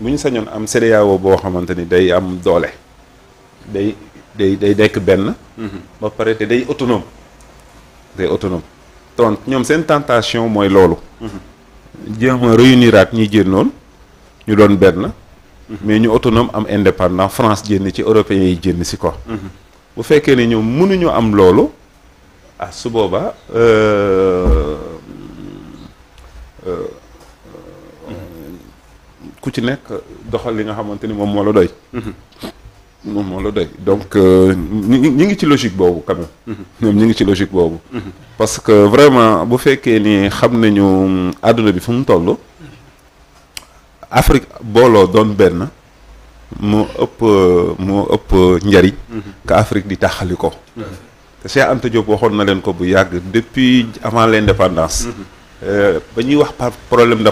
bu ñu sañoon am CEDEAO boo xamante ni day am doole day day day dekk benn mhm. ba pare te day autonome day autonome ton ñoom seen tantation mooy loolu mhm. jéem a réuniraat ñi génnoon ñu doon benn mhm. mais ñu autonome am indépendant France génn ci européens yi génn si ko bu fekkee ne ñoom mënuñu am loolu ah su booba euh, ku ci nekk doxal li nga xamante ni moom moo la doy. moom moo la doy donc euh, ñi ngi ñi ngi ci logique boobu quand ñoom ñi ngi ci logique boobu. parce que vraiment bu fekkee ni xam nañu mm, àdduna bi fu mu toll. Afrique booloo doon benn mu ëpp mu ëpp njariñ. que Afrique di taxali ko. te mm-hmm. Cheikh Anta Diop waxoon na leen ko bu yàgg depuis avant l' indépendance. Euh, ba ñuy wax par problème de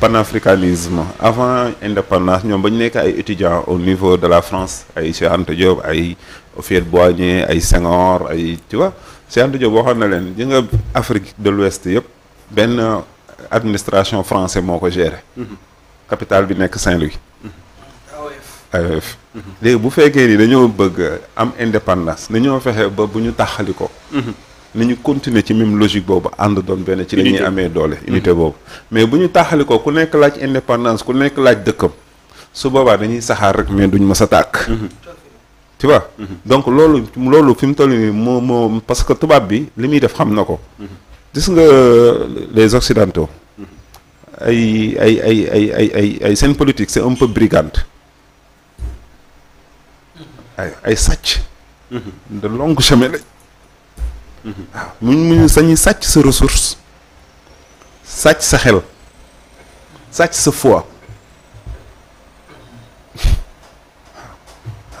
panafricanisme avant indépendance ñoom ba ñu nekk ay étudiants au niveau de la France ay Cheikh Anta Diop ay Houphouët-Boigny ay Senghor ay tu vois Cheikh Anta Diop waxoon na leen ji nga Afrique de l'Ouest yëpp benn administration français moo ko gérer. Mm-hmm. capitale bi nekk Saint-Louis. Mm-hmm. Mm-hmm. léegi bu fekkee ni dañoo bëgg am indépendance nañoo fexe ba bu ñu taxali ko. nañu continuer ci même logique boobu ànd doon benn ci la ñuy amee doole unité boobu mais bu ñu taaxali ko ku nekk laaj indépendance ku nekk laaj dëkkam su boobaa dañuy saxaar rek mais duñ mës a tàkk mhm. mhm. donc loolu fi mu toll nii moo parce que tubaab bi li muy def xam na ko mhm. gis nga euh, les occidentaux ay ay ay ay ay ay ay seen politique c'est un peu brigande ay ay sàcc de longue chemin waaw muñ muñu sañuy sàcc sa ressource sàcc sa xel sàcc sa foi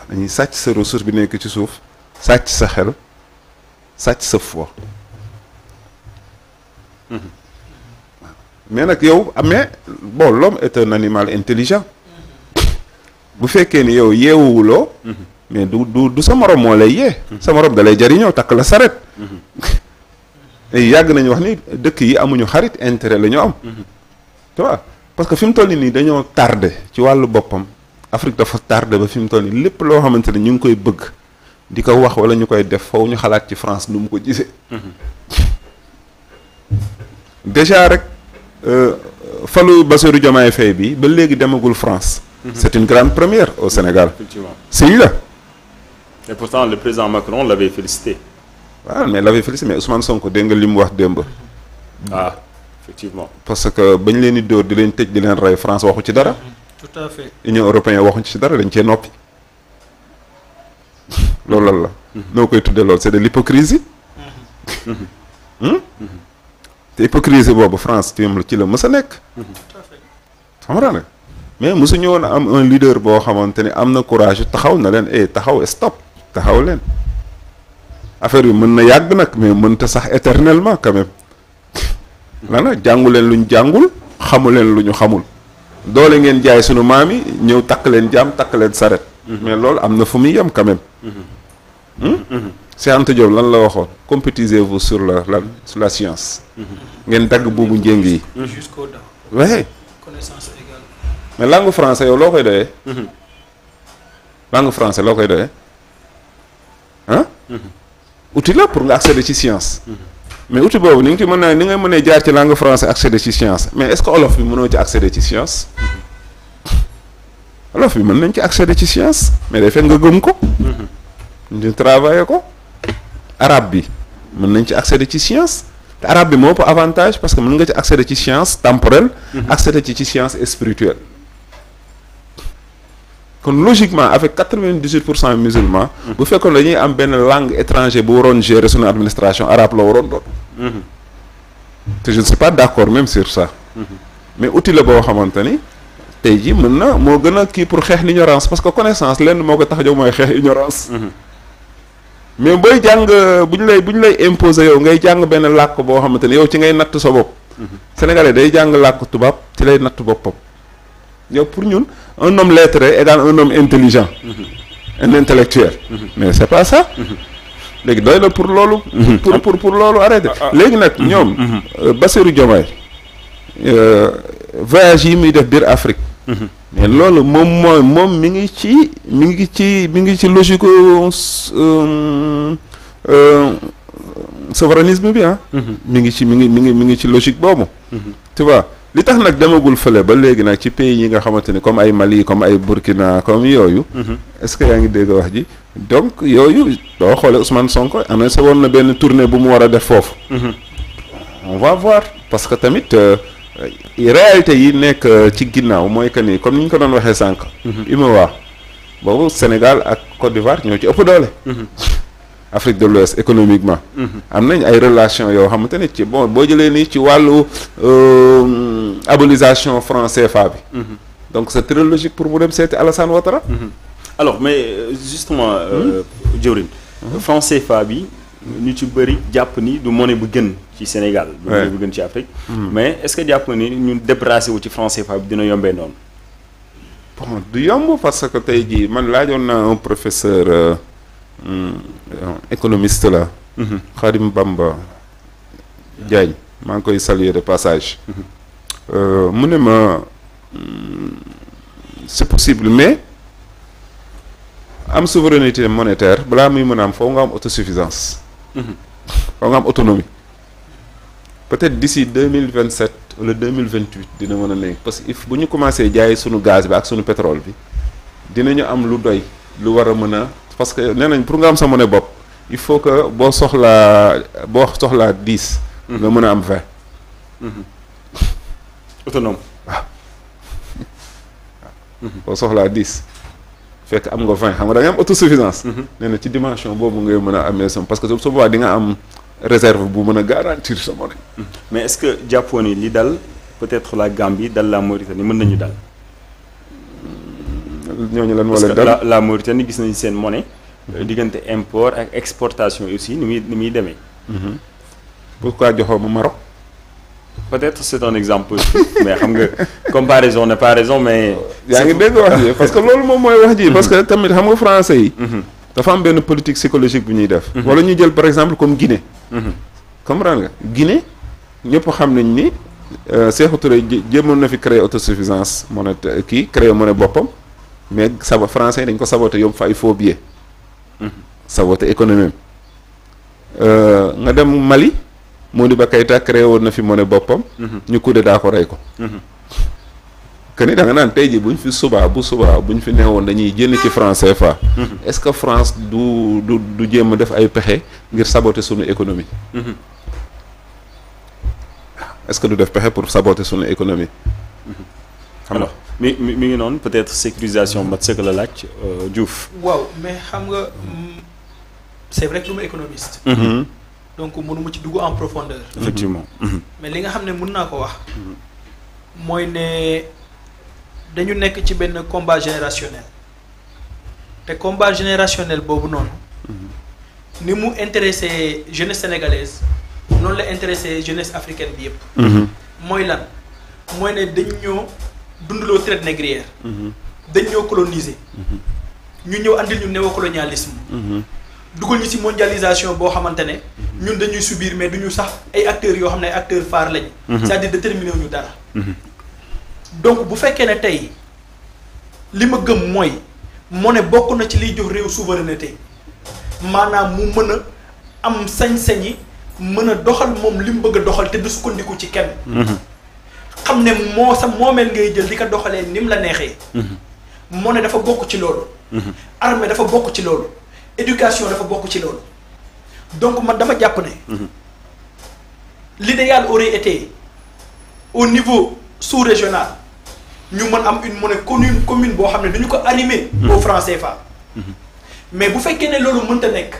dañuy sàcc sa ressource bi nekk ci suuf sàcc sa xel sàcc sa foi mhm. mais nag yow amee ah, bon l'homme est un intelligent bu fekkee ni yow yeewuwuloo mhm. mais du du du sa morom moo lay yee mhm. sa morom da lay jariñoo takk la saret yàgg nañu wax ni dëkk yi amuñu xarit intérêt la am. tu vois parce que fi mu toll nii dañoo tardé ci wàllu boppam Afrique dafa tardé ba fi mu toll nii lépp loo xamante ne ñu ngi koy bëgg di ko wax wala ñu koy def foofu ñu xalaat ci France nu mu ko gisee. déjà rek euh, falu Bassirou Diomaye Faye bi ba léegi demagul France. Mhm. c'est une grande première au Sénégal. effectivement si la. et pourtant le président Macron l'avait félicité. waaw ah, mais l'avait félicité mais Ousmane Sonko dégg nga li mu wax démb. waaw ah, effectivement. parce que bañ leen di dóor di leen tëj di leen rey France waxu ci dara. tout à fait Union européenne waxuñ ci dara dañ cee noppi. loolu lan la. Mhm. noo koy tuddee lool c'est de l'hypocrisie. Mhm. Hmm? te hypocrisie boobu France ci ci la mës sa nekk. xam mhm. mais mosuñu woon am un leader boo xamante ni am na courage taxaw na leen eh taxaw stop taxaw leen. affaire bi mën na yàgg nag mais mënta sax éternellement quand même lana jàngu leen lu ñu jàngul xamu leen lu ñu xamul doole ngeen jaay sunu maam yi ñëw takk leen jaam takk leen saret mhm. mais loolu am na fu muy yem quand même mhm. Hmm? Mhm. Cheikh lan la waxoon compétisez-vous sur la lan sur la science ngeen dagg buubu njéng yi jusqu'aux dents ouais connaissance mais langue français yow loo koy doyee langue français loo koy doyee ah outil la pour nga accéder ci science. mais outil boobu ni nga ci mën naa ni nga mënee jaar ci langue français accéder ci science mais est-ce que olof bi mën nañ ci accéder ci science mais day fekk nga gëm ko. ñu travailler ko. arabe bi mën nañ ci accéder ci science te arabe bi moo ëpp avantage parce que mën nga ci accéder ci science temporelle. Mhm. accéder ci ci science spirituelle. kon logiquement avec quatre-vingt-dix-huit pour cent musulmans bu fekkoon dañuy am benn langue étrangère bu waroon gérer sunu administration arabe la waroon doon te je ne suis pas d'accord même sur ça mais outil boo xamante ni tey ji mën na moo gën a kii pour xeex l'ignorance parce que connaissance lenn moo ko tax jóg mooy xeex ignorance mais booy jàng bu ñu lay bu ñu lay imposer yow ngay jàng benn làkk boo xamante ni yow ci ngay natt sa bopp sénégalais day jàng làkk tubaab ci lay natt boppam yow pour ñun un homme lettré égale un nom intelligent mm-hmm. un intellectuel mm-hmm. mais c'est pas ça mm-hmm. léegi doy na pour loolu pour ah. pour pour loolu arrêté ah, ah. léegi nag ñoom euh, Bassirou Diomaye euh, voyage yi muy def biir Afrique mais loolu moom mooy moom mi ngi ci mi ngi ci mi ngi ci logique euh, souverainisme bi ah mi ngi ci mi ngi mi ngi mi ngi ci logique boobu tu li tax nag demagul fële ba léegi nag ci pays yi nga xamante ni comme ay Mali comme ay Burkina comme yooyu. Mhm. est-ce que yaa ngi dégg wax ji donc yooyu doo xoolee Ousmane Sonko annoncé woon na benn tournée bu mu war a def foofu. Mhm. on va voir parce que tamit euh, réalité yi nekk euh, ci ginnaaw mooy que ni comme ni ñu ko doon waxee sànq. UMOA mhm. boobu Sénégal ak Côte d'Ivoire ñoo ci ëpp doole. Afrique de l'Ouest économiquement. am nañ ay relations yoo xamante ni ci bon boo jëlee nii ci wàllu. Euh, abolisation franc CFA bi. Mhm. donc c'est très logique pour mu dem seeti Alassane Ouattara. Mhm. alors mais euh, justement euh, hmm? Diorin. Hmm? Euh, franc CFA bi. ñu ci bëri jàpp ni du monnaie bu gën ci Sénégal. du monnaie bu gën ci Afrique. Hmm. mais est-ce que jàpp ni ñu déplacé wu ci franc CFA bi dina yombee noonu. du yomb parce que tey jii man laajoon na un professeur euh, euh, économiste la. Mhm. Xarim Bamba Diagne maa ngi koy saluer de passage. Euh, mu ne ma hmm, c'est possible mais am souveraineté monétaire balaa muy mën a am foo nga am autosuffisance mhm. foo nga am autonomie peut-être d'ici deux mille vingt sept wala deux mille vingt huit dina mën a nekk parce que if bu ñu commencé jaay sunu gaz bi ak sunu pétrole bi dinañu am lu doy lu war a mën a parce que nee nañ pour nga am sa monnaie bopp il faut que boo soxlaa boo soxlaa dix nga mhm. mën a am vingt mhm. autonome waaw ah. boo soxlaa dix fekk am nga vingt xam nga da ngay am autosuffisance mhm. nee na ci dimension boobu ngay mën a amee sam parce que su dinga am réserve bu mën a garantir sa monnaie mhm. mais est-ce que jàppoon ni li dal peut-être la Gambie dal la Mauritanie mën nañu dal mm, ñooñu lan moo leen dal parce que la Mauritanie gis nañu seen monnaie euh, diggante import ak exportation aussi ni muy ni muy demee mm-hmm. pourquoi joxoo ma Maroc peut-être c'est un exemple positif mais xam nga comparaison n'est pas raison mais. yaa ngi dégg wax ji parce que loolu moom mooy wax ji. parce que tamit xam nga français yi. Mhm. dafa am benn politique psychologique bu ñuy def. Mhm. wala ñu jël par exemple comme Guinée. Mhm. comprendre nga Guinée ñëpp xam nañ ni Sékou euh, Touré jéemoon na fi créer autosuffisance monétaire kii créer monnaie boppam mais saba français dañ ko saboté yóbbu fa ay faux billets. saboté économie euh, nga dem Mali. moo Modibo Keïta créé woon na fi ne boppam. Mhm. ñu coup d'État ko rey ko. Mhm. que ni da nga naan tey ji bu ñu fi subaa bu subaa bu ñu fi neewoon dañuy jënd ci franc CFA. Mhm. est-ce que France du du du jéem a def ay pexe ngir saboter sunu économie. est que du def pexe pour saboter sunu économie. xam nga mi mi ngi noonu peut-être sécurisation mat sëkk la laaj euh, Diouf. waaw mais xam nga c'est vrai que économiste. donc mënuma ci dugg en profondeur. Mhm. effectivement. Mhm. mais li nga xam ne mun naa ko wax. Mhm. mooy ne dañu nekk ci benn combat générationnel te combat générationnel boobu noonu. ni mu intéressé jeunesse sénégalaise noonu la intéressé jeunesse africaine bi yëpp. mooy lan mooy ne dañ ñoo dundaloo traite négrière. dañ ñoo coloniser. ñu ñëw andil ñu néocolonialisme. dugal ñu ci mondialisation boo xamante ne. ñun dañuy subir mais duñu sax ay acteurs yoo xam ne ay acteurs phares lañu. Mhm. c'est-à-dire déterminé wuñu dara. Mhm. donc bu fekkee ne tey li ma gëm mooy moo ne bokk na ci liy jox réew souveraineté maanaam mu mën a am sañ-sañ yi mën a doxal moom li mu bëgg a doxal te du sukkandiku ci kenn. Mhm. xam ne moo sa moomeel ngay jël di ko doxalee ni mu la neexee. moo ne dafa bokk ci loolu. armée dafa bokk ci loolu. éducation dafa bokk ci loolu. donc man dama jàpp ne. Mhm. l'idéal aurait été au niveau sous-régional ñu mën am une monnaie commune commune boo xam ne dañu ko arrimer. Mhm. au franc CFA. Mhm. mais bu fekkee ne loolu mënta nekk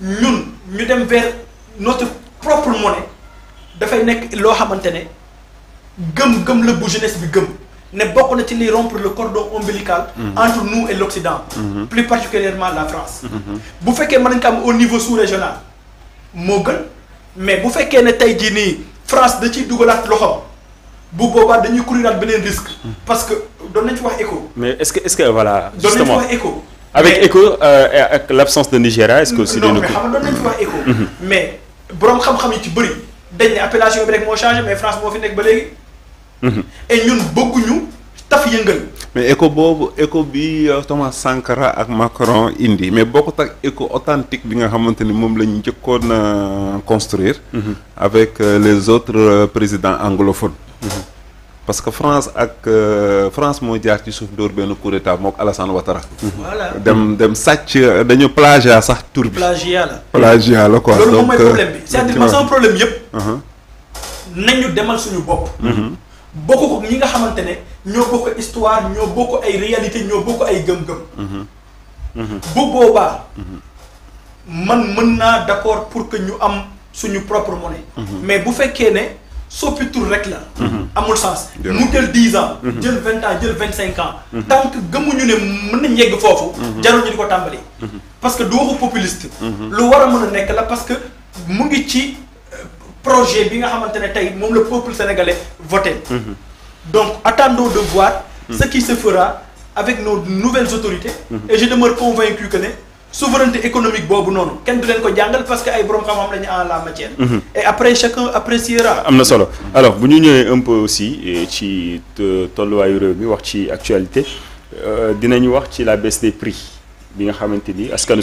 ñun ñu dem vers notre propre monnaie dafay nekk loo xamante ne gëm-gëm la bu bi gëm. ne bokk na ci liy rompre le cordon ombilical. Mhm. entre nous e l'Occident. Mhm. plus particulièrement la France. Mhm. bu fekkee mën nañ ko am au niveau sous-régional moo gën mais bu fekkee ne tey jii nii France da ciy dugalaat loxo bu boobaa dañuy couriraat beneen risque. parce que doon nañ ci wax écho. mais est-ce que est voilà. justement doon nañ ci wax écho. Euh, de Nigéria est-ce que. aussi mais xam nga doon borom xam-xam yi ci bëri de ne appellation bi rek moo changé mais France moo fi nekk ba léegi. et ñun bëgguñu taf yëngal. mais éco boobu éco bi euh, Thomas Sankara ak Macron indi mais bokkut ak éco authentique bi nga xamante ni moom la ñu njëkkoon a euh, construire. Mm-hmm. avec euh, les autres présidents anglophones. Mm-hmm. parce que France ak France moo jaar ci suuf dóor benn coup d'état mook Alassane Ouattara. voilà dem dem sàcc dañu plagiat sax tur bi. plagiat la plagiat la donc loolu moom sama problème yëpp. Uh-huh. nañu demal suñu bopp. Mm-hmm. bokk ko ñi nga xamante ne ñoo bokk histoire ñoo bokk ay réalité ñoo bokk ay gëm-gëm. Mhm. Mhm. bu boobaa. man mën naa d'accord pour que ñu am suñu propre monnaie. Mhm. mais bu fekkee ne soppi tur rek la. amul sens mu jël dix ans. jël vingt ans jël vingt cinq ans. tant que ñu ne mën nañ yegg foofu. jarul ñu di ko tàmbali. parce que du waxu populiste. lu war a mën a nekk la parce que mu ngi ci. projet bi nga xamante ne tey moom la peuple sénégalais voté. donc attendons de voir. ce qui se fera avec nos nouvelles autorités. et je demeure convaincu que ne souveraineté économique boobu noonu kenn du leen ko jàngal parce que ay borom xam-xam lañu en la matière. et après chacun appréciera. am na solo alors bu ñu ñëwee un peu aussi eh, ci tolluwaayu réew mi wax ci actualité euh, dina ñu wax ci la baisse des prix bi nga xamante ni askanu.